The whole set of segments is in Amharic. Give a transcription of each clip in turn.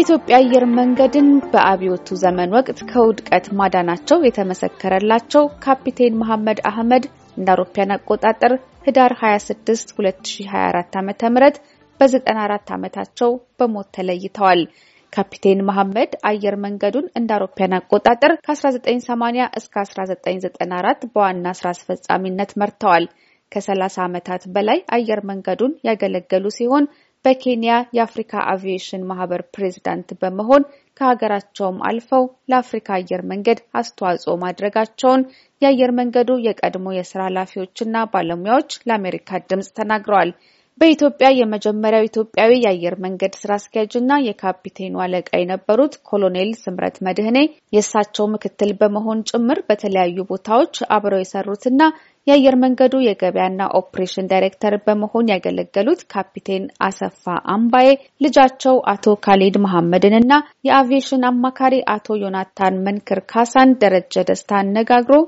የኢትዮጵያ አየር መንገድን በአብዮቱ ዘመን ወቅት ከውድቀት ማዳናቸው የተመሰከረላቸው ካፒቴን መሐመድ አህመድ እንደ አውሮፓያን አቆጣጠር ህዳር 26 2024 ዓ.ም በ94 ዓመታቸው በሞት ተለይተዋል። ካፒቴን መሐመድ አየር መንገዱን እንደ አውሮፓያን አቆጣጠር ከ1980 እስከ 1994 በዋና ስራ አስፈጻሚነት መርተዋል። ከ30 ዓመታት በላይ አየር መንገዱን ያገለገሉ ሲሆን በኬንያ የአፍሪካ አቪዬሽን ማህበር ፕሬዝዳንት በመሆን ከሀገራቸውም አልፈው ለአፍሪካ አየር መንገድ አስተዋጽኦ ማድረጋቸውን የአየር መንገዱ የቀድሞ የስራ ኃላፊዎችና ባለሙያዎች ለአሜሪካ ድምጽ ተናግረዋል። በኢትዮጵያ የመጀመሪያው ኢትዮጵያዊ የአየር መንገድ ስራ አስኪያጅ አስኪያጅና የካፒቴኑ አለቃ የነበሩት ኮሎኔል ስምረት መድህኔ የእሳቸው ምክትል በመሆን ጭምር በተለያዩ ቦታዎች አብረው የሰሩትና የአየር መንገዱ የገበያና ኦፕሬሽን ዳይሬክተር በመሆን ያገለገሉት ካፒቴን አሰፋ አምባዬ ልጃቸው አቶ ካሊድ መሐመድንና የአቪዬሽን አማካሪ አቶ ዮናታን መንክር ካሳን ደረጀ ደስታ አነጋግሮ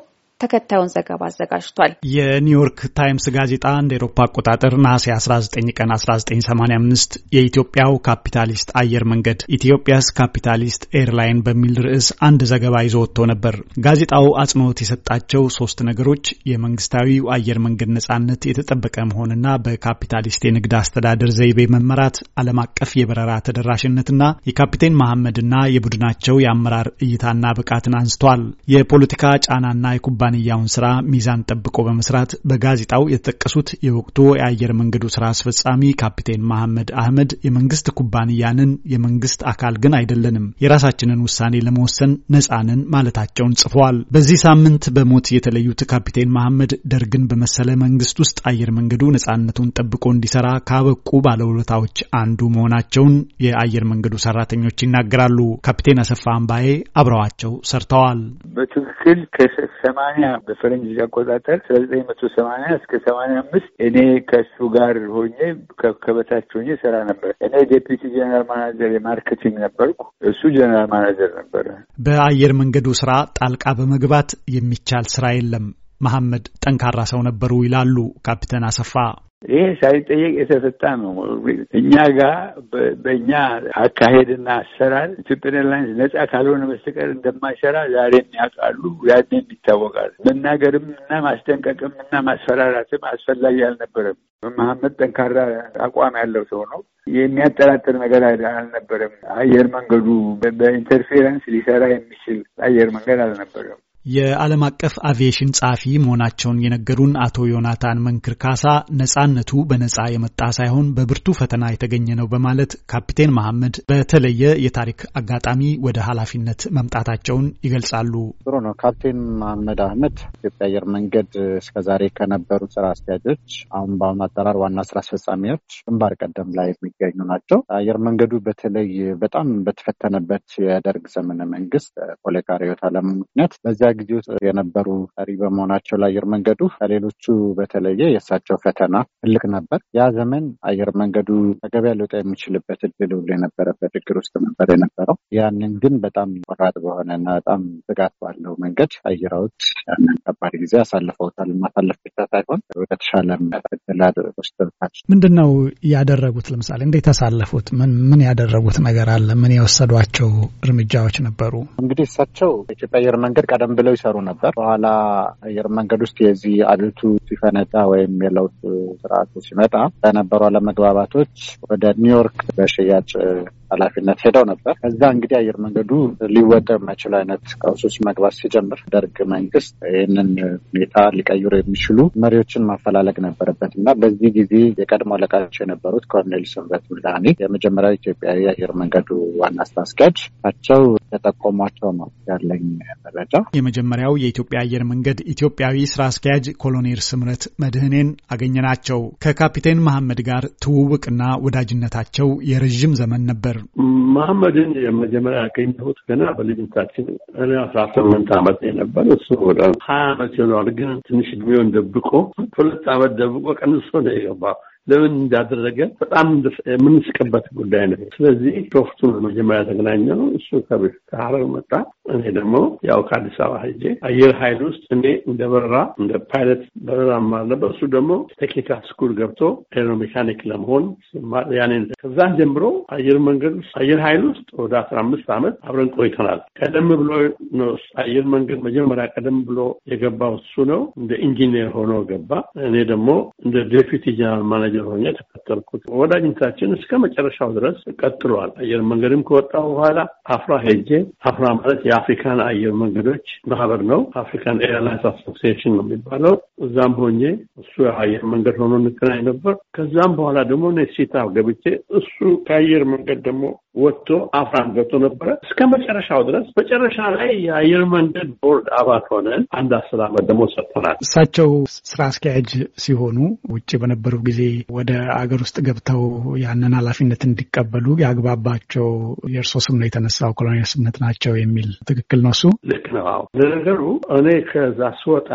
ተከታዩን ዘገባ አዘጋጅቷል። የኒውዮርክ ታይምስ ጋዜጣ እንደ ኤሮፓ አቆጣጠር ነሐሴ 19 ቀን 1985 የኢትዮጵያው ካፒታሊስት አየር መንገድ ኢትዮጵያስ ካፒታሊስት ኤርላይን በሚል ርዕስ አንድ ዘገባ ይዞ ወጥቶ ነበር። ጋዜጣው አጽንኦት የሰጣቸው ሶስት ነገሮች የመንግስታዊው አየር መንገድ ነጻነት የተጠበቀ መሆንና በካፒታሊስት የንግድ አስተዳደር ዘይቤ መመራት፣ ዓለም አቀፍ የበረራ ተደራሽነትና የካፒቴን መሐመድና የቡድናቸው የአመራር እይታና ብቃትን አንስቷል። የፖለቲካ ጫናና የኩባ የኩባንያውን ስራ ሚዛን ጠብቆ በመስራት በጋዜጣው የተጠቀሱት የወቅቱ የአየር መንገዱ ስራ አስፈጻሚ ካፒቴን መሐመድ አህመድ የመንግስት ኩባንያንን የመንግስት አካል ግን አይደለንም፣ የራሳችንን ውሳኔ ለመወሰን ነጻንን ማለታቸውን ጽፈዋል። በዚህ ሳምንት በሞት የተለዩት ካፒቴን መሐመድ ደርግን በመሰለ መንግስት ውስጥ አየር መንገዱ ነጻነቱን ጠብቆ እንዲሰራ ካበቁ ባለውለታዎች አንዱ መሆናቸውን የአየር መንገዱ ሰራተኞች ይናገራሉ። ካፒቴን አሰፋ አምባዬ አብረዋቸው ሰርተዋል። በትክክል ከሰማንያ በፈረንጅ አቆጣጠር ስለ ዘጠኝ መቶ ሰማንያ እስከ ሰማንያ አምስት እኔ ከእሱ ጋር ሆኜ ከበታች ሆኜ ስራ ነበር። እኔ ዴፒቲ ጀነራል ማናጀር የማርኬቲንግ ነበርኩ፣ እሱ ጀነራል ማናጀር ነበረ። በአየር መንገዱ ስራ ጣልቃ በመግባት የሚቻል ስራ የለም። መሐመድ ጠንካራ ሰው ነበሩ ይላሉ ካፒቴን አሰፋ። ይሄ ሳይጠየቅ የተፈታ ነው። እኛ ጋር በእኛ አካሄድና አሰራር ኢትዮጵያን ኤርላይንስ ነጻ ካልሆነ በስተቀር እንደማይሰራ ዛሬም ያውቃሉ፣ ያኔም ይታወቃል። መናገርም እና ማስጠንቀቅም እና ማስፈራራትም አስፈላጊ አልነበረም። መሐመድ ጠንካራ አቋም ያለው ሰው ነው። የሚያጠራጥር ነገር አልነበረም። አየር መንገዱ በኢንተርፌረንስ ሊሰራ የሚችል አየር መንገድ አልነበረም። የዓለም አቀፍ አቪዬሽን ጸሐፊ መሆናቸውን የነገሩን አቶ ዮናታን መንክር ካሳ ነጻነቱ በነጻ የመጣ ሳይሆን በብርቱ ፈተና የተገኘ ነው በማለት ካፒቴን መሐመድ በተለየ የታሪክ አጋጣሚ ወደ ኃላፊነት መምጣታቸውን ይገልጻሉ። ጥሩ ነው። ካፕቴን መሐመድ አህመድ ኢትዮጵያ አየር መንገድ እስከዛሬ ከነበሩ ስራ አስኪያጆች አሁን በአሁኑ አጠራር ዋና ስራ አስፈጻሚዎች ግንባር ቀደም ላይ የሚገኙ ናቸው። አየር መንገዱ በተለይ በጣም በተፈተነበት የደርግ ዘመነ መንግስት ፖለቲካ ርዕዮተ ምክንያት በዚያ ጊዜ ውስጥ የነበሩ ፈሪ በመሆናቸው ለአየር መንገዱ ከሌሎቹ በተለየ የእሳቸው ፈተና ትልቅ ነበር። ያ ዘመን አየር መንገዱ ከገበያ ሊወጣ የሚችልበት እድል ሁሉ የነበረበት ችግር ውስጥ ነበር የነበረው። ያንን ግን በጣም ቆራጥ በሆነ እና በጣም ስጋት ባለው መንገድ አየራዎች ያንን ከባድ ጊዜ አሳልፈውታል። ማሳለፍ ብቻ ሳይሆን ወደ ተሻለ ምንድን ነው ያደረጉት? ለምሳሌ እንዴት የተሳለፉት ምን ምን ያደረጉት ነገር አለ? ምን የወሰዷቸው እርምጃዎች ነበሩ? እንግዲህ እሳቸው የኢትዮጵያ አየር መንገድ ቀደም ብለው ይሰሩ ነበር። በኋላ አየር መንገድ ውስጥ የዚህ አብዮቱ ሲፈነዳ ወይም የለውጥ ስርዓቱ ሲመጣ በነበሩ አለመግባባቶች ወደ ኒውዮርክ በሽያጭ ኃላፊነት ሄደው ነበር። ከዛ እንግዲህ አየር መንገዱ ሊወደብ የማይችል አይነት ቀውስ ውስጥ መግባት ሲጀምር ደርግ መንግስት ይህንን ሁኔታ ሊቀይሩ የሚችሉ መሪዎችን ማፈላለግ ነበረበት እና በዚህ ጊዜ የቀድሞ አለቃቸው የነበሩት ኮሎኔል ስምረት ምላኔ የመጀመሪያው ኢትዮጵያዊ አየር መንገዱ ዋና ስራ አስኪያጅ ናቸው። ተጠቆሟቸው ነው ያለኝ መረጃ። የመጀመሪያው የኢትዮጵያ አየር መንገድ ኢትዮጵያዊ ስራ አስኪያጅ ኮሎኔል ስምረት መድህኔን አገኘናቸው። ከካፒቴን መሐመድ ጋር ትውውቅና ወዳጅነታቸው የረዥም ዘመን ነበር። መሐመድን የመጀመሪያ ያገኘሁት ገና በልጅነታችን እኔ አስራ ስምንት አመት የነበር እሱ ወደ ሀያ አመት ይሆነዋል። ግን ትንሽ እድሜውን ደብቆ ሁለት አመት ደብቆ ቀንሶ ነው የገባው። ለምን እንዳደረገ በጣም የምንስቅበት ጉዳይ ነው። ስለዚህ ሾፍቱ መጀመሪያ ተገናኘው። እሱ ከሐረር መጣ፣ እኔ ደግሞ ያው ከአዲስ አበባ ሄጄ አየር ኃይል ውስጥ እኔ እንደ በረራ እንደ ፓይለት በረራ ማር ነበር። እሱ ደግሞ ቴክኒካል ስኩል ገብቶ ኤሮሜካኒክ ለመሆን ያኔ ከዛን ጀምሮ አየር መንገድ ውስጥ አየር ኃይል ውስጥ ወደ አስራ አምስት ዓመት አብረን ቆይተናል። ቀደም ብሎ አየር መንገድ መጀመሪያ ቀደም ብሎ የገባው እሱ ነው። እንደ ኢንጂኒየር ሆኖ ገባ። እኔ ደግሞ እንደ ዴፒቲ ጀነራል ወዳጅ ሆኜ ተከተልኩት። ወዳጅነታችን እስከ መጨረሻው ድረስ ቀጥሏል። አየር መንገድም ከወጣ በኋላ አፍራ ሄጄ አፍራ ማለት የአፍሪካን አየር መንገዶች ማህበር ነው። አፍሪካን ኤርላይንስ አሶሲዬሽን ነው የሚባለው። እዛም ሆኜ እሱ የአየር መንገድ ሆኖ እንገናኝ ነበር። ከዛም በኋላ ደግሞ ኔሲታ ገብቼ እሱ ከአየር መንገድ ደግሞ ወጥቶ አፍራን ገብቶ ነበረ እስከ መጨረሻው ድረስ። መጨረሻ ላይ የአየር መንገድ ቦርድ አባል ሆነን አንድ አስር አመት ደግሞ ሰጥተናል። እሳቸው ስራ አስኪያጅ ሲሆኑ ውጭ በነበሩ ጊዜ ወደ አገር ውስጥ ገብተው ያንን ኃላፊነት እንዲቀበሉ ያግባባቸው የእርሶ ስም ነው የተነሳው፣ ኮሎኔል ስምነት ናቸው የሚል ትክክል ነው እሱ? ልክ ነው። ለነገሩ እኔ ከዛ ስወጣ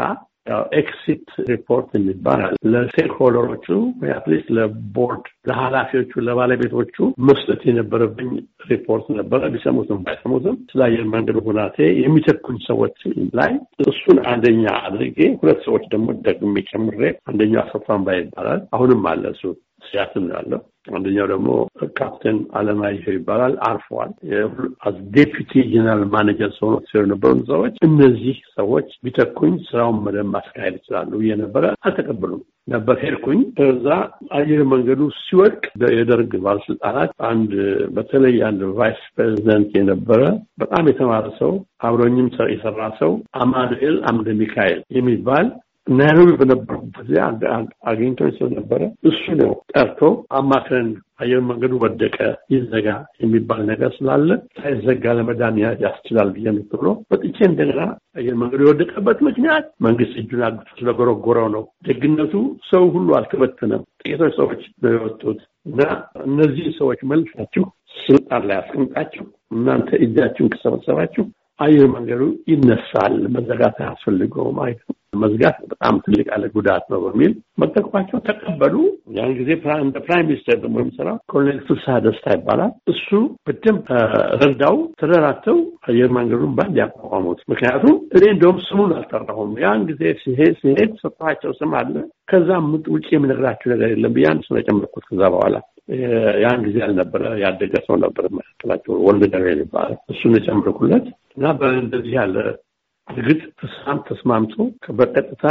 ኤክሲት ሪፖርት የሚባላል ለስቴክሆልደሮቹ አትሊስት ለቦርድ ለኃላፊዎቹ ለባለቤቶቹ መስጠት የነበረብኝ ሪፖርት ነበረ። ቢሰሙትም ባይሰሙትም ስለ አየር መንገድ ሁናቴ የሚተኩኝ ሰዎች ላይ እሱን አንደኛ አድርጌ ሁለት ሰዎች ደግሞ ደግሜ ጨምሬ አንደኛው አሰፋን ይባላል አሁንም አለ እሱ ሲያትል ነው ያለው። አንደኛው ደግሞ ካፕቴን አለማየሁ ይባላል። አርፈዋል። አዝ ዴፒቲ ጀነራል ማኔጀር ሰሆ ሲሆ የነበሩ ሰዎች እነዚህ ሰዎች ቢተኩኝ ስራውን መደብ ማስካሄድ ይችላሉ ነበረ። አልተቀበሉም ነበር። ሄድኩኝ። እዛ አየር መንገዱ ሲወድቅ የደርግ ባለስልጣናት አንድ በተለይ አንድ ቫይስ ፕሬዚደንት የነበረ በጣም የተማረ ሰው አብሮኝም የሰራ ሰው አማኑኤል አምደ ሚካኤል የሚባል ናይሮቢ በነበረው ጊዜ አንድ አንድ አግኝቶ ስለነበረ እሱ ነው ጠርቶ አማክረን አየር መንገዱ ወደቀ ይዘጋ የሚባል ነገር ስላለ ሳይዘጋ ለመዳን ያስችላል ብዬ ምትብሎ እንደገና አየር መንገዱ የወደቀበት ምክንያት መንግስት እጁን አግቶ ስለጎረጎረው ነው። ደግነቱ ሰው ሁሉ አልተበተነም። ጥቂቶች ሰዎች ነው የወጡት እና እነዚህ ሰዎች መልሳችሁ ስልጣን ላይ አስቀምጣችሁ እናንተ እጃችሁን ከሰበሰባችሁ አየር መንገዱ ይነሳል፣ መዘጋት አያስፈልገውም አይነት መዝጋት በጣም ትልቅ አለ ጉዳት ነው በሚል መጠቀማቸው ተቀበሉ። ያን ጊዜ እንደ ፕራይም ሚኒስተር ደግሞ የሚሰራው ኮሎኔል ፍስሐ ደስታ ይባላል። እሱ በደንብ ረዳው። ተደራተው አየር መንገዱን ባንድ ያቋቋሙት። ምክንያቱም እኔ እንደውም ስሙን አልጠራሁም። ያን ጊዜ ሲሄድ ሲሄድ ሰጥኋቸው ስም አለ። ከዛ ውጭ የምነግራችሁ ነገር የለም ብዬ አንድ ስም የጨመርኩት ከዛ በኋላ ያን ጊዜ አልነበረ ያደገ ሰው ነበር መካከላቸው ወልደ ደሬ ይባላል። እሱን የጨምርኩለት እና በእንደዚህ ያለ እርግጥ ተስማምቶ በቀጥታ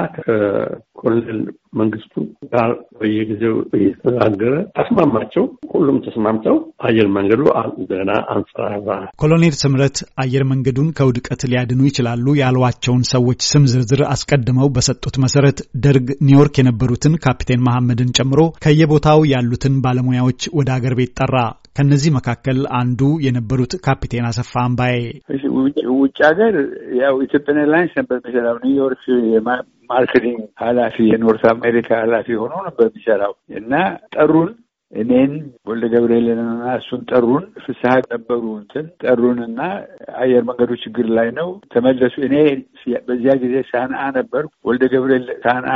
ኮሎኔል መንግስቱ ጋር በየጊዜው እየተነጋገረ አስማማቸው። ሁሉም ተስማምተው አየር መንገዱ እንደገና አንሰራራ። ኮሎኔል ስምረት አየር መንገዱን ከውድቀት ሊያድኑ ይችላሉ ያሏቸውን ሰዎች ስም ዝርዝር አስቀድመው በሰጡት መሰረት ደርግ ኒውዮርክ የነበሩትን ካፒቴን መሐመድን ጨምሮ ከየቦታው ያሉትን ባለሙያዎች ወደ አገር ቤት ጠራ። ከነዚህ መካከል አንዱ የነበሩት ካፒቴን አሰፋ አምባዬ ውጭ ሀገር ያው ኢትዮጵያን ኤርላይንስ ነበር ሚሰራው ኒውዮርክ ማርኬቲንግ ኃላፊ የኖርት አሜሪካ ኃላፊ ሆኖ ነበር የሚሰራው እና ጠሩን። እኔን ወልደ ገብርኤልንና እሱን ጠሩን። ፍስሀ ነበሩ እንትን ጠሩንና አየር መንገዱ ችግር ላይ ነው ተመለሱ። እኔ በዚያ ጊዜ ሳንአ ነበር። ወልደ ገብርኤል ሳንአ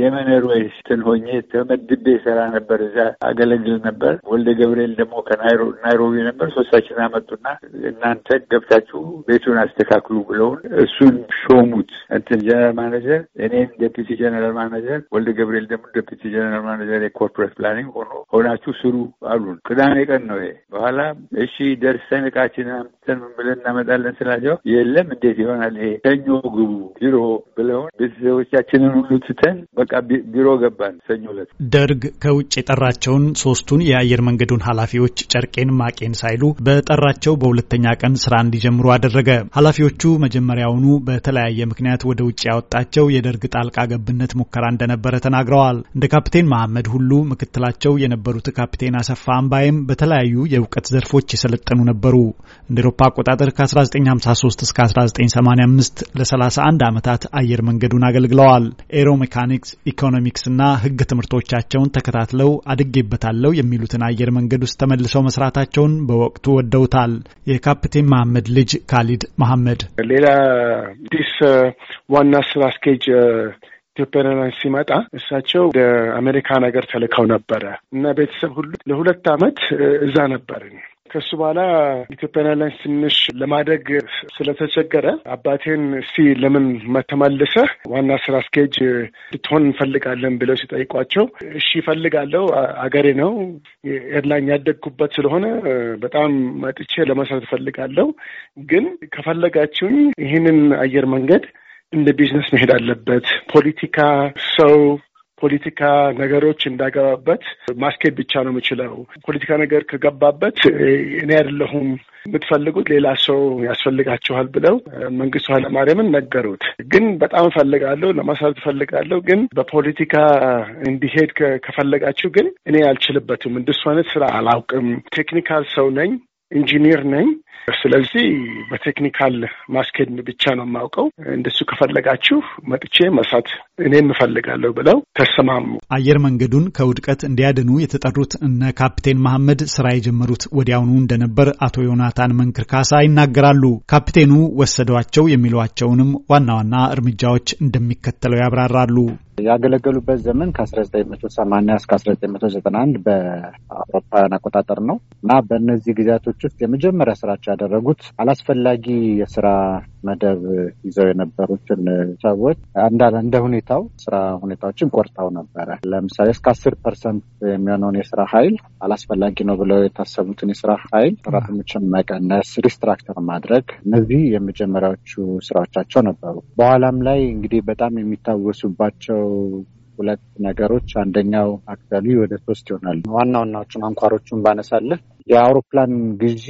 የመን ኤርዌይስ እንትን ሆኜ ተመድቤ ሰራ ነበር። እዛ አገለግል ነበር። ወልደ ገብርኤል ደግሞ ከናይሮቢ ነበር። ሶስታችን አመጡና እናንተ ገብታችሁ ቤቱን አስተካክሉ ብለውን እሱን ሾሙት እንትን ጀነራል ማናጀር፣ እኔን ዴፒቲ ጀነራል ማናጀር፣ ወልደ ገብርኤል ደግሞ ዴፒቲ ጀነራል ማናጀር የኮርፖሬት ፕላኒንግ ሆኖ ሆና ሄዳችሁ ስሩ አሉን። ቅዳሜ ቀን ነው ይሄ። በኋላ እሺ ደርሰን እቃችን አምጥተን ምን ብለን እናመጣለን ስላቸው የለም እንዴት ይሆናል ይሄ ሰኞ ግቡ ቢሮ ብለውን ቤተሰቦቻችንን ሁሉ ትተን በቃ ቢሮ ገባን። ሰኞ ዕለት ደርግ ከውጭ የጠራቸውን ሶስቱን የአየር መንገዱን ኃላፊዎች ጨርቄን ማቄን ሳይሉ በጠራቸው በሁለተኛ ቀን ስራ እንዲጀምሩ አደረገ። ኃላፊዎቹ መጀመሪያውኑ በተለያየ ምክንያት ወደ ውጭ ያወጣቸው የደርግ ጣልቃ ገብነት ሙከራ እንደነበረ ተናግረዋል። እንደ ካፕቴን መሐመድ ሁሉ ምክትላቸው የነበሩት የነበሩት ካፒቴን አሰፋ አምባይም በተለያዩ የእውቀት ዘርፎች የሰለጠኑ ነበሩ። እንደ ኤሮፓ አቆጣጠር ከ1953 እስከ 1985 ለ31 ዓመታት አየር መንገዱን አገልግለዋል። ኤሮሜካኒክስ፣ ኢኮኖሚክስ እና ሕግ ትምህርቶቻቸውን ተከታትለው አድጌበታለው የሚሉትን አየር መንገድ ውስጥ ተመልሰው መስራታቸውን በወቅቱ ወደውታል። የካፒቴን መሐመድ ልጅ ካሊድ መሐመድ ሌላ አዲስ ዋና ስራ አስኬጅ ኢትዮጵያውያን ሲመጣ እሳቸው ወደ አሜሪካን ሀገር ተልከው ነበረ እና ቤተሰብ ሁሉ ለሁለት አመት እዛ ነበርን። ከሱ በኋላ ኢትዮጵያን ኤርላይንስ ትንሽ ለማደግ ስለተቸገረ አባቴን እስቲ ለምን መተመልሰህ ዋና ስራ አስኬጅ ልትሆን እንፈልጋለን ብለው ሲጠይቋቸው እሺ እፈልጋለሁ፣ አገሬ ነው ኤርላይን ያደግኩበት ስለሆነ በጣም መጥቼ ለመስራት እፈልጋለሁ፣ ግን ከፈለጋችሁኝ ይህንን አየር መንገድ እንደ ቢዝነስ መሄድ አለበት። ፖለቲካ ሰው ፖለቲካ ነገሮች እንዳገባበት ማስኬድ ብቻ ነው የምችለው። ፖለቲካ ነገር ከገባበት እኔ አይደለሁም የምትፈልጉት ሌላ ሰው ያስፈልጋችኋል ብለው መንግስቱ ኃይለማርያምን ነገሩት። ግን በጣም እፈልጋለሁ ለማሳት እፈልጋለሁ፣ ግን በፖለቲካ እንዲሄድ ከፈለጋችሁ ግን እኔ አልችልበትም፣ እንደሱ አይነት ስራ አላውቅም፣ ቴክኒካል ሰው ነኝ፣ ኢንጂኒር ነኝ። ስለዚህ በቴክኒካል ማስኬድ ብቻ ነው የማውቀው። እንደሱ ከፈለጋችሁ መጥቼ መስራት እኔም እፈልጋለሁ ብለው ተሰማሙ። አየር መንገዱን ከውድቀት እንዲያድኑ የተጠሩት እነ ካፕቴን መሐመድ ስራ የጀመሩት ወዲያውኑ እንደነበር አቶ ዮናታን መንክርካሳ ይናገራሉ። ካፕቴኑ ወሰዷቸው የሚሏቸውንም ዋና ዋና እርምጃዎች እንደሚከተለው ያብራራሉ። ያገለገሉበት ዘመን ከ1980 እስከ 1991 በአውሮፓውያን አቆጣጠር ነው እና በእነዚህ ጊዜያቶች ውስጥ የመጀመሪያ ስራቸው ያደረጉት አላስፈላጊ የስራ መደብ ይዘው የነበሩትን ሰዎች እንደ ሁኔታው ስራ ሁኔታዎችን ቆርጠው ነበረ። ለምሳሌ እስከ አስር ፐርሰንት የሚሆነውን የስራ ኃይል አላስፈላጊ ነው ብለው የታሰቡትን የስራ ኃይል ሰራተኞችን መቀነስ፣ ሪስትራክተር ማድረግ እነዚህ የመጀመሪያዎቹ ስራዎቻቸው ነበሩ። በኋላም ላይ እንግዲህ በጣም የሚታወሱባቸው ሁለት ነገሮች አንደኛው አክቹዋሊ ወደ ሶስት ይሆናል። ዋና ዋናዎቹን አንኳሮቹን ባነሳልህ የአውሮፕላን ግዢ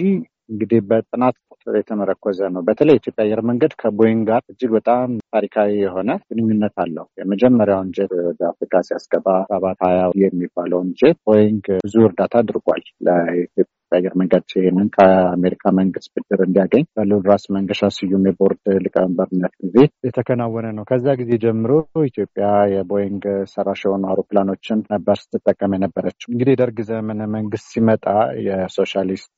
እንግዲህ በጥናት ቁጥር የተመረኮዘ ነው። በተለይ የኢትዮጵያ አየር መንገድ ከቦይንግ ጋር እጅግ በጣም ታሪካዊ የሆነ ግንኙነት አለው። የመጀመሪያውን ጀት ወደ አፍሪካ ሲያስገባ ሰባት ሀያ የሚባለውን ጀት ቦይንግ ብዙ እርዳታ አድርጓል ለኢትዮጵያ አየር መንገድ ይህንን ከአሜሪካ መንግስት ብድር እንዲያገኝ በልዑል ራስ መንገሻ ስዩም የቦርድ ሊቀመንበርነት ጊዜ የተከናወነ ነው። ከዛ ጊዜ ጀምሮ ኢትዮጵያ የቦይንግ ሰራሽ የሆኑ አውሮፕላኖችን ነበር ስትጠቀም የነበረችው። እንግዲህ ደርግ ዘመነ መንግስት ሲመጣ የሶሻሊስት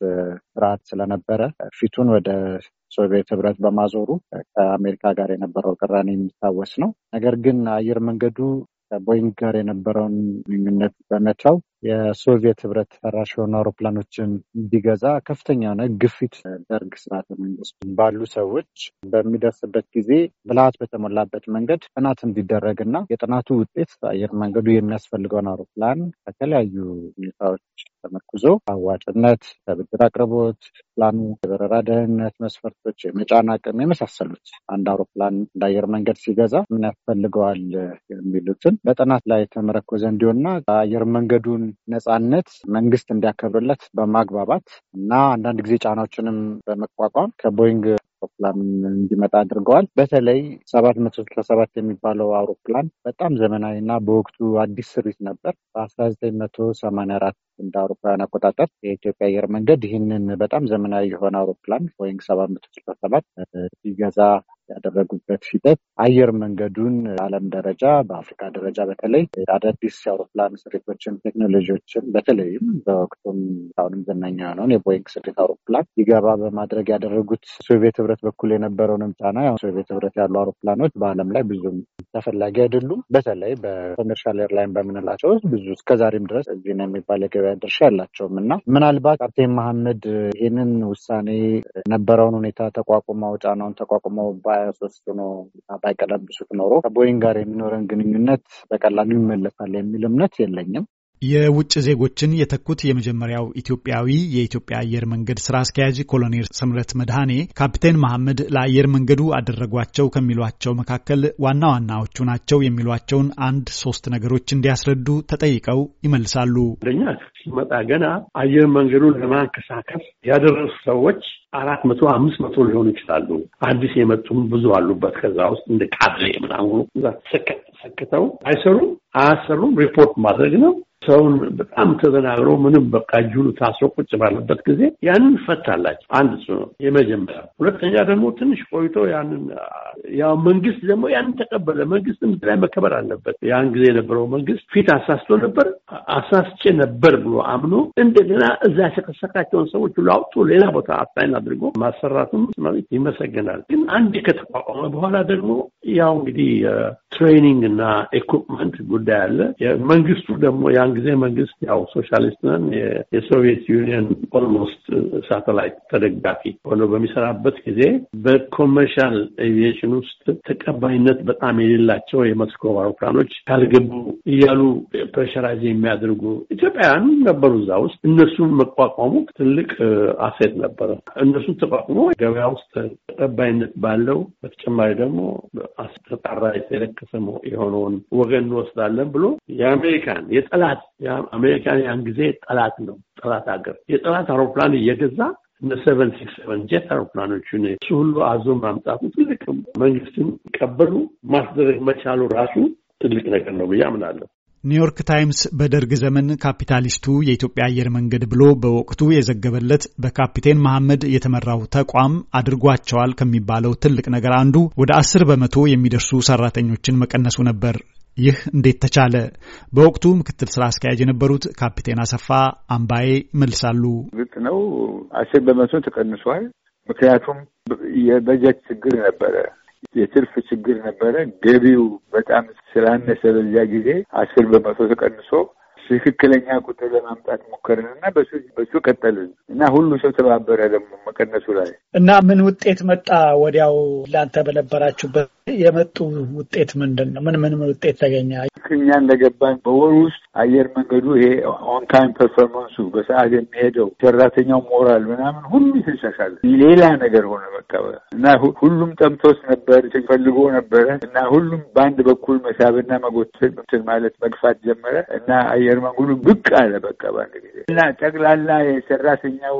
ስርዓት ስለነበረ ፊቱን ወደ ሶቪየት ህብረት በማዞሩ ከአሜሪካ ጋር የነበረው ቅራኔ የሚታወስ ነው። ነገር ግን አየር መንገዱ ከቦይንግ ጋር የነበረውን ግንኙነት በመተው የሶቪየት ህብረት ሰራሽ የሆኑ አውሮፕላኖችን እንዲገዛ ከፍተኛ የሆነ ግፊት ደርግ ስርዓተ መንግስት ባሉ ሰዎች በሚደርስበት ጊዜ ብልሃት በተሞላበት መንገድ ጥናት እንዲደረግ እና የጥናቱ ውጤት አየር መንገዱ የሚያስፈልገውን አውሮፕላን ከተለያዩ ሁኔታዎች ተመርኩዞ አዋጭነት፣ ከብድር አቅርቦት፣ ፕላኑ የበረራ ደህንነት መስፈርቶች፣ የመጫን አቅም የመሳሰሉት አንድ አውሮፕላን እንደ አየር መንገድ ሲገዛ ምን ያስፈልገዋል የሚሉትን በጥናት ላይ ተመረኮዘ እንዲሆንና አየር መንገዱን ነጻነት መንግስት እንዲያከብርለት በማግባባት እና አንዳንድ ጊዜ ጫናዎችንም በመቋቋም ከቦይንግ አውሮፕላን እንዲመጣ አድርገዋል። በተለይ ሰባት መቶ ስልሳ ሰባት የሚባለው አውሮፕላን በጣም ዘመናዊ እና በወቅቱ አዲስ ስሪት ነበር። በአስራ ዘጠኝ መቶ ሰማንያ አራት እንደ አውሮፓውያን አቆጣጠር የኢትዮጵያ አየር መንገድ ይህንን በጣም ዘመናዊ የሆነ አውሮፕላን ቦይንግ ሰባት መቶ ስልሳ ሰባት ሲገዛ ያደረጉበት ሂደት አየር መንገዱን በዓለም ደረጃ በአፍሪካ ደረጃ በተለይ አዳዲስ የአውሮፕላን ስሪቶችን፣ ቴክኖሎጂዎችን በተለይም በወቅቱም አሁንም ዝነኛ የሆነውን የቦይንግ ስሪት አውሮፕላን ይገባ በማድረግ ያደረጉት ሶቪየት ህብረት በኩል የነበረውንም ጫና ሶቪየት ህብረት ያሉ አውሮፕላኖች በዓለም ላይ ብዙም ተፈላጊ አይደሉም። በተለይ በኮሜርሻል ኤርላይን በምንላቸው ውስጥ ብዙ እስከዛሬም ድረስ እዚህ ነው የሚባል የገበያ ድርሻ ያላቸውም እና ምናልባት ካፕቴን መሐመድ ይህንን ውሳኔ የነበረውን ሁኔታ ተቋቁመው ጫናውን ተቋቁመው ሀያ ሶስት ነው ባይቀለብሱት ኖሮ ከቦይንግ ጋር የሚኖረን ግንኙነት በቀላሉ ይመለሳል የሚል እምነት የለኝም። የውጭ ዜጎችን የተኩት የመጀመሪያው ኢትዮጵያዊ የኢትዮጵያ አየር መንገድ ስራ አስኪያጅ ኮሎኔል ስምረት መድኃኔ ካፕቴን መሐመድ ለአየር መንገዱ አደረጓቸው ከሚሏቸው መካከል ዋና ዋናዎቹ ናቸው የሚሏቸውን አንድ ሶስት ነገሮች እንዲያስረዱ ተጠይቀው ይመልሳሉ። አንደኛ ሲመጣ ገና አየር መንገዱን ለማንከሳከፍ ያደረሱ ሰዎች አራት መቶ አምስት መቶ ሊሆኑ ይችላሉ። አዲስ የመጡም ብዙ አሉበት። ከዛ ውስጥ እንደ ካድሬ ምናምን ሰክተው አይሰሩም፣ አያሰሩም። ሪፖርት ማድረግ ነው ሰውን በጣም ተዘናግሮ ምንም በቃ እጁን ታስሮ ቁጭ ባለበት ጊዜ ያንን ፈታላቸው። አንድ እሱ ነው የመጀመሪያ። ሁለተኛ ደግሞ ትንሽ ቆይቶ ያንን ያው መንግስት ደግሞ ያንን ተቀበለ። መንግስትም ላይ መከበር አለበት። ያን ጊዜ የነበረው መንግስት ፊት አሳስቶ ነበር አሳስቼ ነበር ብሎ አምኖ እንደገና እዛ ያሸከሰካቸውን ሰዎች ሁሉ አውጥቶ ሌላ ቦታ አጣይን አድርጎ ማሰራቱም ይመሰገናል። ግን አንድ ከተቋቋመ በኋላ ደግሞ ያው እንግዲህ ትሬኒንግ እና ኢኩፕመንት ጉዳይ አለ። መንግስቱ ደግሞ ያን ጊዜ መንግስት ያው ሶሻሊስት ነን የሶቪየት ዩኒየን ኦልሞስት ሳተላይት ተደጋፊ ሆኖ በሚሰራበት ጊዜ በኮመርሻል ኤቪዬሽን ውስጥ ተቀባይነት በጣም የሌላቸው የመስኮ አውሮፕላኖች ካልገቡ እያሉ ፕሬሸራይዝ የሚያደርጉ ኢትዮጵያውያን ነበሩ እዛ ውስጥ። እነሱ መቋቋሙ ትልቅ አሴት ነበረ። እነሱ ተቋቁሞ ገበያ ውስጥ ተቀባይነት ባለው በተጨማሪ ደግሞ አስተጣራ የተለከሰ የሆነውን ወገን እንወስዳለን ብሎ የአሜሪካን የጠላ ጠላት አሜሪካን ያን ጊዜ ጠላት ነው። ጠላት ሀገር የጠላት አውሮፕላን እየገዛ እነ ሰቨን ሲክስ ሰቨን ጀት አውሮፕላኖቹን እሱ ሁሉ አዞ ማምጣቱ ትልቅ መንግስትን ቀበሉ ማስደረግ መቻሉ ራሱ ትልቅ ነገር ነው ብዬ አምናለሁ። ኒውዮርክ ታይምስ በደርግ ዘመን ካፒታሊስቱ የኢትዮጵያ አየር መንገድ ብሎ በወቅቱ የዘገበለት በካፒቴን መሐመድ የተመራው ተቋም አድርጓቸዋል ከሚባለው ትልቅ ነገር አንዱ ወደ አስር በመቶ የሚደርሱ ሰራተኞችን መቀነሱ ነበር። ይህ እንዴት ተቻለ? በወቅቱ ምክትል ስራ አስኪያጅ የነበሩት ካፒቴን አሰፋ አምባዬ ይመልሳሉ። ግጥ ነው አስር በመቶ ተቀንሷል። ምክንያቱም የበጀት ችግር ነበረ፣ የትርፍ ችግር ነበረ። ገቢው በጣም ስላነሰ በዚያ ጊዜ አስር በመቶ ተቀንሶ ትክክለኛ ቁጥር ለማምጣት ሞከርን እና በሱ ቀጠልን እና ሁሉ ሰው ተባበረ ደግሞ መቀነሱ ላይ እና ምን ውጤት መጣ? ወዲያው እናንተ በነበራችሁበት የመጡ ውጤት ምንድን ነው? ምን ምን ውጤት ተገኘ? እኛ እንደገባን በወር ውስጥ አየር መንገዱ ይሄ ኦን ታይም ፐርፎርማንሱ በሰዓት የሚሄደው ሰራተኛው ሞራል ምናምን ሁሉ ይተሻሻል። ሌላ ነገር ሆነ በቃ እና ሁሉም ጠምቶስ ነበር ፈልጎ ነበረ እና ሁሉም በአንድ በኩል መሳብና መጎተት ማለት መግፋት ጀመረ እና አየር ጀርመን ብቅ አለ በቃ በአንድ ጊዜ እና ጠቅላላ የሰራተኛው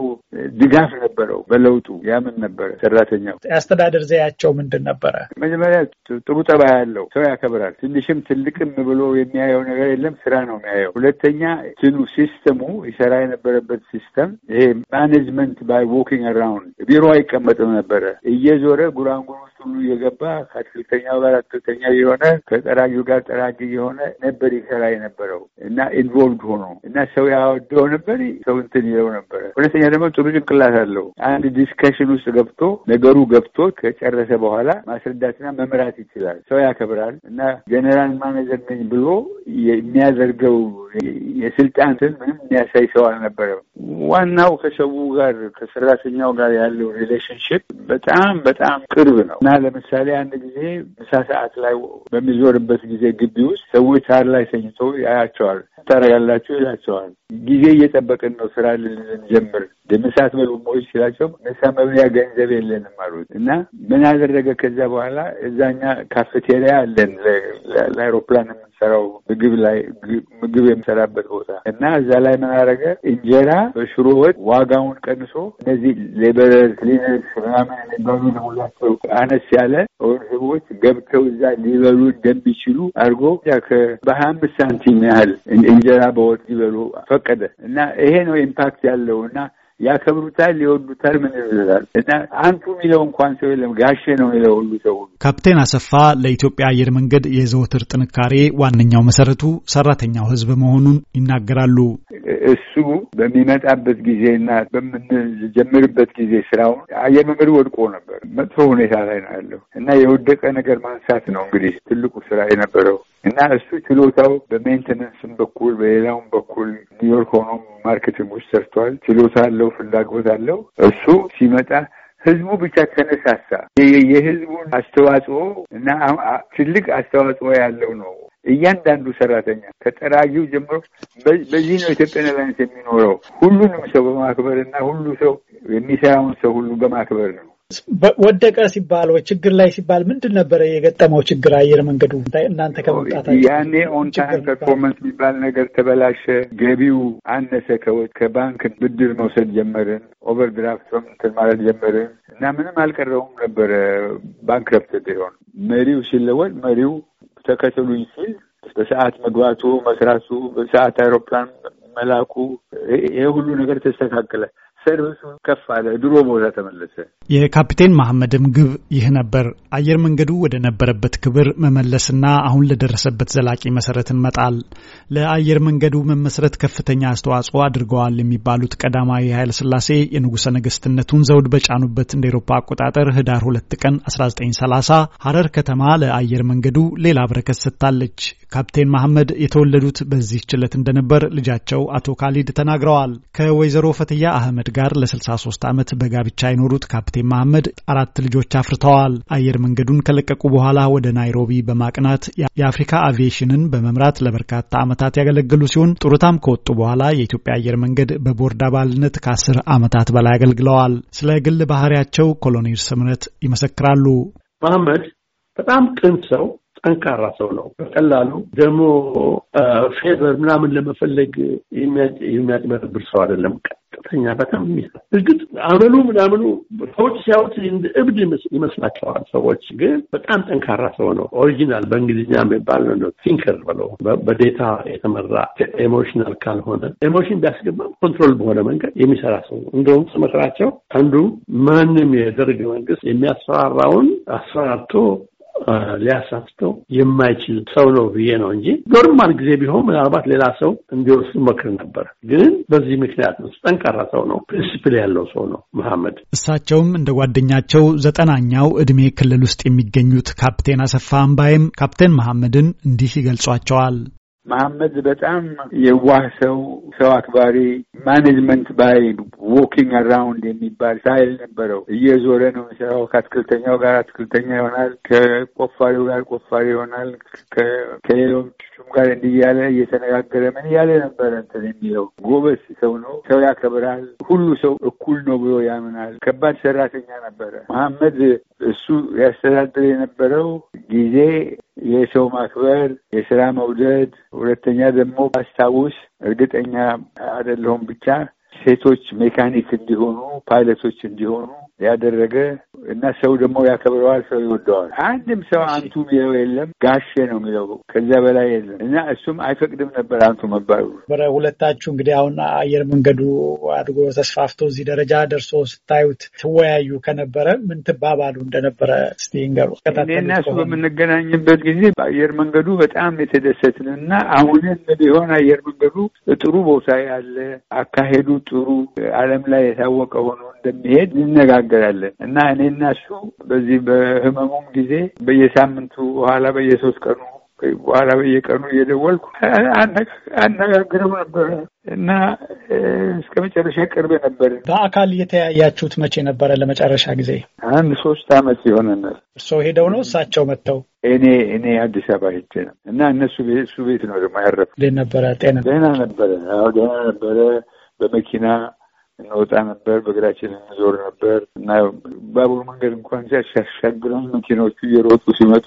ድጋፍ ነበረው በለውጡ። ያምን ነበረ ሰራተኛው። የአስተዳደር ዘያቸው ምንድን ነበረ? መጀመሪያ ጥሩ ጠባይ ያለው ሰው ያከብራል። ትንሽም ትልቅም ብሎ የሚያየው ነገር የለም፣ ስራ ነው የሚያየው። ሁለተኛ ትኑ ሲስተሙ ይሰራ የነበረበት ሲስተም ይሄ ማኔጅመንት ባይ ዎኪንግ አራውንድ ቢሮ አይቀመጥም ነበረ እየዞረ ጉራንጉሩ ሁሉ እየገባ ከአትክልተኛው ጋር አትክልተኛ የሆነ ከጠራጁ ጋር ጠራጊ የሆነ ነበር ይሰራ የነበረው እና ኢንቮልቭድ ሆኖ እና ሰው ያወደው ነበር። ሰው እንትን ይለው ነበረ። ሁለተኛ ደግሞ ጥሩ ጭንቅላት አለው። አንድ ዲስከሽን ውስጥ ገብቶ ነገሩ ገብቶ ከጨረሰ በኋላ ማስረዳትና መምራት ይችላል። ሰው ያከብራል እና ጀኔራል ማኔጀር ነኝ ብሎ የሚያደርገው የስልጣን ምንም የሚያሳይ ሰው አልነበረም። ዋናው ከሰው ጋር ከሰራተኛው ጋር ያለው ሪሌሽንሽፕ በጣም በጣም ቅርብ ነው። እና ለምሳሌ አንድ ጊዜ ምሳ ሰዓት ላይ በሚዞርበት ጊዜ ግቢ ውስጥ ሰዎች አር ላይ ተኝተው ያያቸዋል። ታረጋላችሁ ይላቸዋል። ጊዜ እየጠበቅን ነው ስራ ልንጀምር ምሳ አትበሉም ወይ ሲላቸው ምሳ መብያ ገንዘብ የለንም አሉት እና ምን አደረገ ከዛ በኋላ እዛኛ ካፌቴሪያ አለን ለአይሮፕላን የምንሰራው ምግብ ላይ ምግብ የምሰራበት ቦታ እና እዛ ላይ ምን አደረገ? እንጀራ በሽሮ ወጥ ዋጋውን ቀንሶ እነዚህ ሌበር ክሊነርስ ምናምን የሚባሉ ለሙላቸው አነስ ያለ ሰዎች ገብተው እዛ ሊበሉ እንደሚችሉ አድርጎ በሀያ አምስት ሳንቲም ያህል እንጀራ በወጥ ሊበሉ ፈቀደ እና ይሄ ነው ኢምፓክት ያለው እና ያከብሩታል፣ ይወዱታል። ምን ይላል እና አንቱ የሚለው እንኳን ሰው የለም ጋሼ ነው የሚለው ሁሉ ሰው። ካፕቴን አሰፋ ለኢትዮጵያ አየር መንገድ የዘወትር ጥንካሬ ዋነኛው መሰረቱ ሰራተኛው ህዝብ መሆኑን ይናገራሉ። እሱ በሚመጣበት ጊዜና በምንጀምርበት ጊዜ ስራውን አየር መንገዱ ወድቆ ነበር። መጥፎ ሁኔታ ላይ ነው ያለው እና የወደቀ ነገር ማንሳት ነው እንግዲህ ትልቁ ስራ የነበረው እና እሱ ችሎታው በሜንቴነንስም በኩል በሌላውም በኩል ኒውዮርክ ሆኖ ማርኬቲንግ ውስጥ ሰርቷል። ችሎታ አለው፣ ፍላጎት አለው። እሱ ሲመጣ ህዝቡ ብቻ ተነሳሳ። የህዝቡን አስተዋጽኦ እና ትልቅ አስተዋጽኦ ያለው ነው። እያንዳንዱ ሰራተኛ ከጠራጊው ጀምሮ በዚህ ነው ኢትዮጵያን ኤርላይንስ የሚኖረው። ሁሉንም ሰው በማክበር እና ሁሉ ሰው የሚሰራውን ሰው ሁሉ በማክበር ነው። ወደቀ ሲባል ወይ ችግር ላይ ሲባል ምንድን ነበረ የገጠመው ችግር? አየር መንገዱ እናንተ ከመምጣታችሁ ያኔ ፐርፎርመንስ የሚባል ነገር ተበላሸ፣ ገቢው አነሰ፣ ከባንክ ብድር መውሰድ ጀመርን፣ ኦቨርድራፍት እንትን ማለት ጀመርን እና ምንም አልቀረውም ነበረ ባንክረፕት ሆን መሪው ሲለወጥ መሪው ተከተሉኝ ሲል በሰዓት መግባቱ መስራቱ በሰዓት አይሮፕላን መላኩ ይሄ ሁሉ ነገር ተስተካከለ። ሰርቪሱ ከፍ አለ፣ ድሮ ቦታ ተመለሰ። የካፒቴን መሐመድም ግብ ይህ ነበር፣ አየር መንገዱ ወደ ነበረበት ክብር መመለስና አሁን ለደረሰበት ዘላቂ መሰረትን መጣል። ለአየር መንገዱ መመስረት ከፍተኛ አስተዋጽኦ አድርገዋል የሚባሉት ቀዳማዊ ኃይለ ሥላሴ የንጉሠ ነገሥትነቱን ዘውድ በጫኑበት እንደ ኤሮፓ አቆጣጠር ህዳር ሁለት ቀን 1930 ሀረር ከተማ ለአየር መንገዱ ሌላ በረከት ሰጥታለች። ካፕቴን መሐመድ የተወለዱት በዚህ ችለት እንደነበር ልጃቸው አቶ ካሊድ ተናግረዋል። ከወይዘሮ ፈትያ አህመድ ጋር ለ63 ዓመት በጋብቻ የኖሩት ካፕቴን መሐመድ አራት ልጆች አፍርተዋል። አየር መንገዱን ከለቀቁ በኋላ ወደ ናይሮቢ በማቅናት የአፍሪካ አቪዬሽንን በመምራት ለበርካታ ዓመታት ያገለገሉ ሲሆን ጡረታም ከወጡ በኋላ የኢትዮጵያ አየር መንገድ በቦርድ አባልነት ከአስር ዓመታት በላይ አገልግለዋል። ስለ ግል ባህሪያቸው ኮሎኔል ስምረት ይመሰክራሉ። መሐመድ በጣም ቅን ሰው ጠንካራ ሰው ነው። በቀላሉ ደግሞ ፌቨር ምናምን ለመፈለግ የሚያጭበረብር ሰው አይደለም። ቀጥተኛ በጣም የሚሰራ እርግጥ አመሉ ምናምኑ ሰዎች ሲያዩት እንደ እብድ ይመስላቸዋል። ሰዎች ግን በጣም ጠንካራ ሰው ነው። ኦሪጂናል በእንግሊዝኛ የሚባል ነው ቲንከር ብለው በዴታ የተመራ ኤሞሽናል ካልሆነ ኤሞሽን ቢያስገባም ኮንትሮል በሆነ መንገድ የሚሰራ ሰው እንደውም ስመክራቸው አንዱ ማንም የደርግ መንግስት የሚያስፈራራውን አስፈራርቶ ሊያሳስተው የማይችል ሰው ነው ብዬ ነው እንጂ ኖርማል ጊዜ ቢሆን ምናልባት ሌላ ሰው እንዲወስዱ መክር ነበር። ግን በዚህ ምክንያት ነው። ጠንካራ ሰው ነው፣ ፕሪንስፕል ያለው ሰው ነው መሐመድ። እሳቸውም እንደ ጓደኛቸው ዘጠናኛው እድሜ ክልል ውስጥ የሚገኙት ካፕቴን አሰፋ አምባይም ካፕቴን መሐመድን እንዲህ ይገልጿቸዋል። መሐመድ በጣም የዋህ ሰው፣ ሰው አክባሪ፣ ማኔጅመንት ባይ ዎኪንግ አራውንድ የሚባል ሳይል ነበረው። እየዞረ ነው የሚሰራው። ከአትክልተኛው ጋር አትክልተኛ ይሆናል፣ ከቆፋሪው ጋር ቆፋሪ ይሆናል፣ ከሌሎችም ጋር እንዲህ እያለ እየተነጋገረ ምን እያለ ነበረ እንትን የሚለው ጎበዝ ሰው ነው። ሰው ያከብራል። ሁሉ ሰው እኩል ነው ብሎ ያምናል። ከባድ ሰራተኛ ነበረ መሐመድ እሱ ያስተዳድር የነበረው ጊዜ የሰው ማክበር፣ የስራ መውደድ፣ ሁለተኛ ደግሞ ባስታውስ እርግጠኛ አይደለሁም ብቻ ሴቶች ሜካኒክ እንዲሆኑ ፓይለቶች እንዲሆኑ ያደረገ እና ሰው ደግሞ ያከብረዋል፣ ሰው ይወደዋል። አንድም ሰው አንቱ የሚለው የለም፣ ጋሼ ነው የሚለው ከዚያ በላይ የለም። እና እሱም አይፈቅድም ነበር አንቱ መባሉ። ሁለታችሁ እንግዲህ አሁን አየር መንገዱ አድጎ ተስፋፍቶ እዚህ ደረጃ ደርሶ ስታዩት ትወያዩ ከነበረ ምን ትባባሉ እንደነበረ እስኪ ንገሩ። እኔና እሱ በምንገናኝበት ጊዜ በአየር መንገዱ በጣም የተደሰትን እና አሁንም ቢሆን አየር መንገዱ ጥሩ ቦታ ያለ አካሄዱ ጥሩ ዓለም ላይ የታወቀ ሆኖ እንደሚሄድ እንነጋገራለን እና እኔ እኔና እሱ በዚህ በህመሙም ጊዜ በየሳምንቱ በኋላ በየሶስት ቀኑ በኋላ በየቀኑ እየደወልኩ አነጋግረው ነበረ እና እስከ መጨረሻ ቅርብ ነበር። በአካል እየተያያችሁት መቼ ነበረ ለመጨረሻ ጊዜ? አንድ ሶስት አመት ሲሆነ እርስዎ ሄደው ነው እሳቸው መጥተው? እኔ እኔ አዲስ አበባ ሄጄ ነው እና እነሱ እሱ ቤት ነው ደግሞ ያረፍ ነበረ። ጤና ደህና ነበረ። አዎ ደህና ነበረ። በመኪና እንወጣ ነበር፣ በእግራችን እንዞር ነበር እና ባቡር መንገድ እንኳን ሲያሻግረን መኪኖቹ እየሮጡ ሲመጡ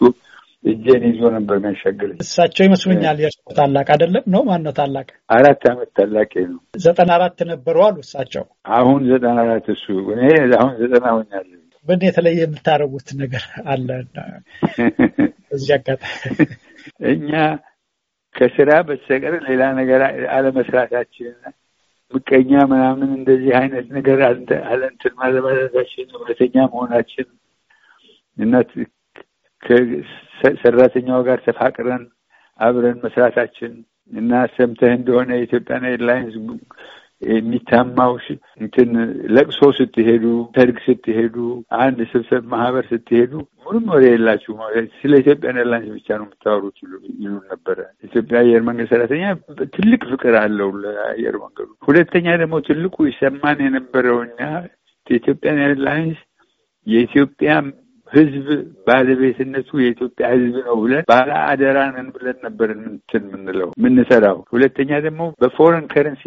እጄን ይዞ ነበር የሚያሻግረኝ። እሳቸው ይመስሉኛል የእርስዎ ታላቅ አይደለም ነው? ማነው? ታላቅ? አራት አመት ታላቅ ነው። ዘጠና አራት ነበሩ አሉ እሳቸው። አሁን ዘጠና አራት እሱ እኔ አሁን ዘጠና ሆኛለሁ። ምን የተለየ የምታደርጉት ነገር አለ? እዚህ አጋጣሚ እኛ ከስራ በስተቀር ሌላ ነገር አለመስራታችን ምቀኛ ምናምን እንደዚህ አይነት ነገር አለንትን ማለማለታችን እውነተኛ መሆናችን እና ከሰራተኛው ጋር ተፋቅረን አብረን መስራታችን እና ሰምተህ እንደሆነ የኢትዮጵያን ኤርላይንስ የሚታማውሽ እንትን ለቅሶ ስትሄዱ፣ ሰርግ ስትሄዱ፣ አንድ ስብሰብ ማህበር ስትሄዱ ምንም ወሬ የላችሁ። ስለ ኢትዮጵያ ኤርላይንስ ብቻ ነው የምታወሩት ይሉ ነበረ። ኢትዮጵያ አየር መንገድ ሰራተኛ ትልቅ ፍቅር አለው ለአየር መንገዱ። ሁለተኛ ደግሞ ትልቁ ይሰማን የነበረውና ኢትዮጵያን ኤርላይንስ የኢትዮጵያ ህዝብ ባለቤትነቱ የኢትዮጵያ ህዝብ ነው ብለን ባለ አደራንን ብለን ነበር እንትን የምንለው የምንሰራው። ሁለተኛ ደግሞ በፎረን ከረንሲ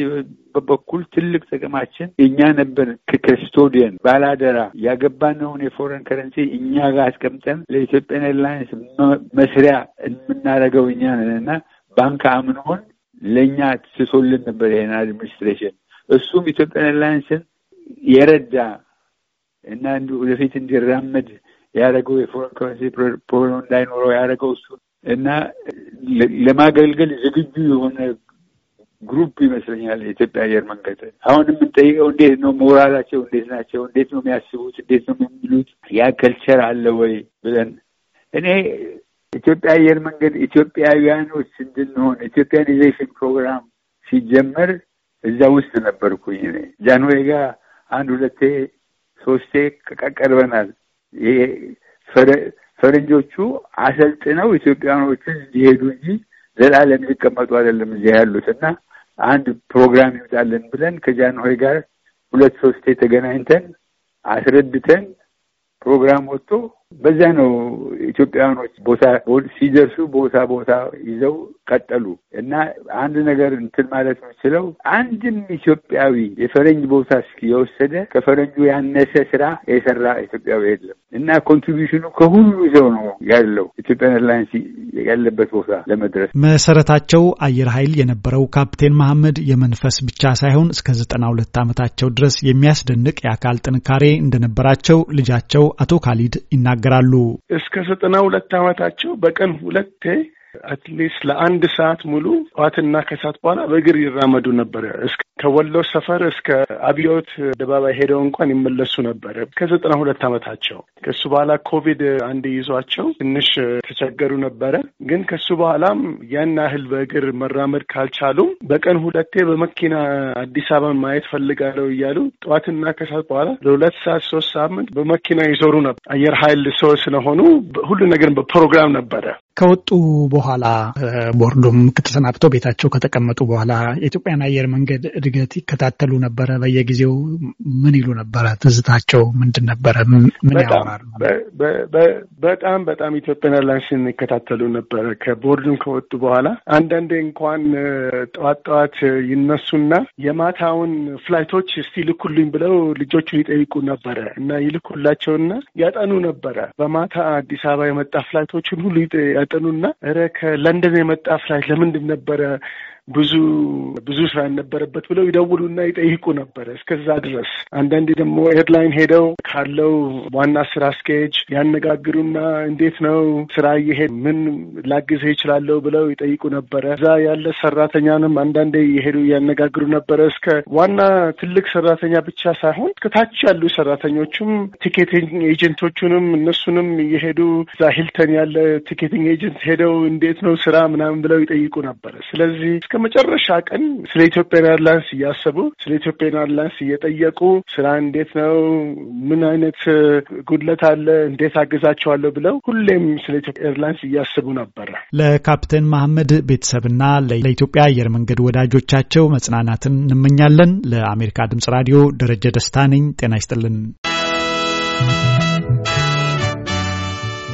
በኩል ትልቅ ጥቅማችን እኛ ነበር ከስቶዲየን ባለ አደራ ያገባነውን የፎረን ከረንሲ እኛ ጋር አስቀምጠን ለኢትዮጵያን ኤርላይንስ መስሪያ የምናደርገው እኛ ነን እና ባንክ አምኖን ለእኛ ትሶልን ነበር ይሄን አድሚኒስትሬሽን። እሱም ኢትዮጵያን ኤርላይንስን የረዳ እና እንዲሁ ወደፊት እንዲራመድ ያደረገው የፎረን ከረንሲ ፖሎ እንዳይኖረው ያደረገው እሱ እና ለማገልገል ዝግጁ የሆነ ግሩፕ ይመስለኛል የኢትዮጵያ አየር መንገድ። አሁን የምንጠይቀው እንዴት ነው ሞራላቸው፣ እንዴት ናቸው፣ እንዴት ነው የሚያስቡት፣ እንዴት ነው የሚሉት፣ ያ ከልቸር አለ ወይ ብለን እኔ ኢትዮጵያ አየር መንገድ ኢትዮጵያውያኖች እንድንሆን ኢትዮጵያኒዜሽን ፕሮግራም ሲጀመር እዛ ውስጥ ነበርኩኝ እኔ ጃንዌጋ አንድ ሁለቴ ሶስቴ ቀርበናል። ፈረንጆቹ አሰልጥነው ኢትዮጵያኖችን እንዲሄዱ እንጂ ዘላለም ሊቀመጡ አይደለም እዚያ ያሉት እና አንድ ፕሮግራም ይውጣለን ብለን ከጃንሆይ ጋር ሁለት ሶስቴ ተገናኝተን አስረድተን ፕሮግራም ወጥቶ በዚያ ነው ኢትዮጵያውያኖች ቦታ ሲደርሱ ቦታ ቦታ ይዘው ቀጠሉ እና አንድ ነገር እንትን ማለት የምችለው አንድም ኢትዮጵያዊ የፈረንጅ ቦታ እስኪ የወሰደ ከፈረንጁ ያነሰ ስራ የሰራ ኢትዮጵያዊ የለም እና ኮንትሪቢሽኑ ከሁሉ ይዘው ነው ያለው ኢትዮጵያን ኤርላይንስ ያለበት ቦታ ለመድረስ መሰረታቸው አየር ኃይል የነበረው ካፕቴን መሐመድ የመንፈስ ብቻ ሳይሆን እስከ ዘጠና ሁለት ዓመታቸው ድረስ የሚያስደንቅ የአካል ጥንካሬ እንደነበራቸው ልጃቸው አቶ ካሊድ ይናገራል። ይናገራሉ። እስከ ዘጠና ሁለት ዓመታቸው በቀን ሁለቴ አትሊስት ለአንድ ሰዓት ሙሉ ጠዋትና ከሰዓት በኋላ በእግር ይራመዱ ነበር። ከወሎ ሰፈር እስከ አብዮት አደባባይ ሄደው እንኳን ይመለሱ ነበር። ከዘጠና ሁለት ዓመታቸው ከሱ በኋላ ኮቪድ አንድ ይዟቸው ትንሽ ተቸገሩ ነበረ። ግን ከሱ በኋላም ያን ያህል በእግር መራመድ ካልቻሉ በቀን ሁለቴ በመኪና አዲስ አበባን ማየት ፈልጋለሁ እያሉ ጠዋትና ከሰዓት በኋላ ለሁለት ሰዓት ሶስት ሳምንት በመኪና ይዞሩ ነበር። አየር ኃይል ሰው ስለሆኑ ሁሉ ነገር በፕሮግራም ነበረ። ከወጡ በኋላ ቦርዱም ከተሰናብተው ቤታቸው ከተቀመጡ በኋላ የኢትዮጵያን አየር መንገድ እድገት ይከታተሉ ነበረ? በየጊዜው ምን ይሉ ነበረ? ትዝታቸው ምንድን ነበረ? ምን ያወራሉ? በጣም በጣም ኢትዮጵያን ኤርላይንስን ይከታተሉ ነበረ። ከቦርዱም ከወጡ በኋላ አንዳንዴ እንኳን ጠዋት ጠዋት ይነሱና የማታውን ፍላይቶች እስቲ ልኩልኝ ብለው ልጆቹን ይጠይቁ ነበረ እና ይልኩላቸውና ያጠኑ ነበረ። በማታ አዲስ አበባ የመጣ ፍላይቶችን ሁሉ ያጠኑና ረ ከለንደን የመጣ ፍላሽ ለምንድን ነበረ ብዙ ብዙ ስራ ነበረበት ብለው ይደውሉና ይጠይቁ ነበረ። እስከዛ ድረስ አንዳንዴ ደግሞ ኤርላይን ሄደው ካለው ዋና ስራ አስኪያጅ ያነጋግሩና እንዴት ነው ስራ እየሄድ ምን ላግዘ ይችላለሁ ብለው ይጠይቁ ነበረ። እዛ ያለ ሰራተኛንም አንዳንዴ እየሄዱ ያነጋግሩ ነበረ። እስከ ዋና ትልቅ ሰራተኛ ብቻ ሳይሆን ከታች ያሉ ሰራተኞቹም ቲኬቲንግ ኤጀንቶቹንም እነሱንም እየሄዱ እዛ ሂልተን ያለ ቲኬቲንግ ኤጀንት ሄደው እንዴት ነው ስራ ምናምን ብለው ይጠይቁ ነበረ። ስለዚህ እስከ መጨረሻ ቀን ስለ ኢትዮጵያን ኤርላይንስ እያሰቡ ስለ ኢትዮጵያን ኤርላይንስ እየጠየቁ ስራ እንዴት ነው፣ ምን አይነት ጉድለት አለ፣ እንዴት አግዛቸዋለሁ ብለው ሁሌም ስለ ኢትዮጵያ ኤርላይንስ እያስቡ ነበረ። ለካፕቴን መሐመድ ቤተሰብና ለኢትዮጵያ አየር መንገድ ወዳጆቻቸው መጽናናትን እንመኛለን። ለአሜሪካ ድምጽ ራዲዮ ደረጀ ደስታ ነኝ። ጤና ይስጥልን።